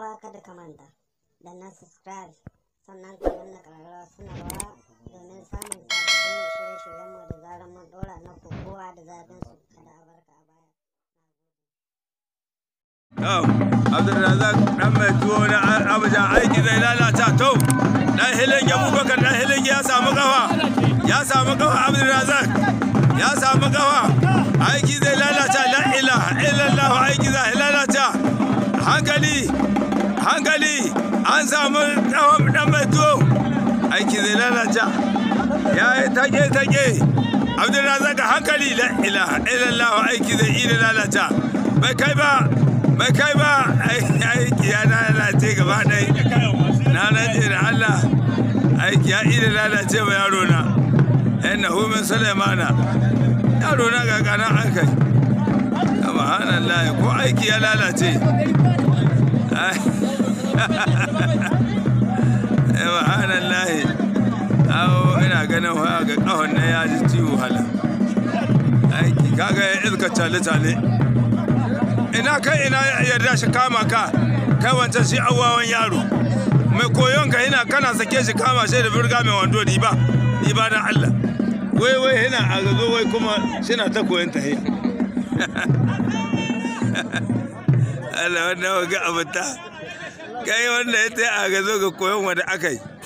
uwa kada ka manta da na subscribe sannan ka danna ƙararrawa sanarwa domin samun sabbin shirye-shiryenmu da zarar mun na kowa da zafin su kada a barka a baya. Abdulrazak ɗan mai tuwo na Abuja aiki zai lalata to ɗan hilinge Abubakar ɗan hilinge ya samu kafa ya samu kafa Abdulrazak ya samu kafa aiki zai lalata la ila illallah aiki zai lalata hankali hankali an samu dan mai aiki zai lalace ya yi take-take abdulrazak hankali la ilaha illallah aiki zai iya lalata bai kai ba bai kai ba aiki ya lalace gaba ɗai na lalace da allah aiki ya iya lalace ba yaro na yan ya sulaimana yaro na gagana an kai subhanallah ko aiki ya lalace subhanallahi awo ina ganin waya ga kahon nan ya ciwo hala aiki kaga ya iska cale-cale ina kai ina yarda shi kama ka kai wancan shi awawan yaro mai koyon ka yana kana sake shi kama shi da birga mai wando ni ba ni ba dan Allah wai wai yana agazo wai kuma shi na ta koyon tahiya Allah wannan ga abuta kai wanda ya ta a ga zo ga koyon wanda aka yi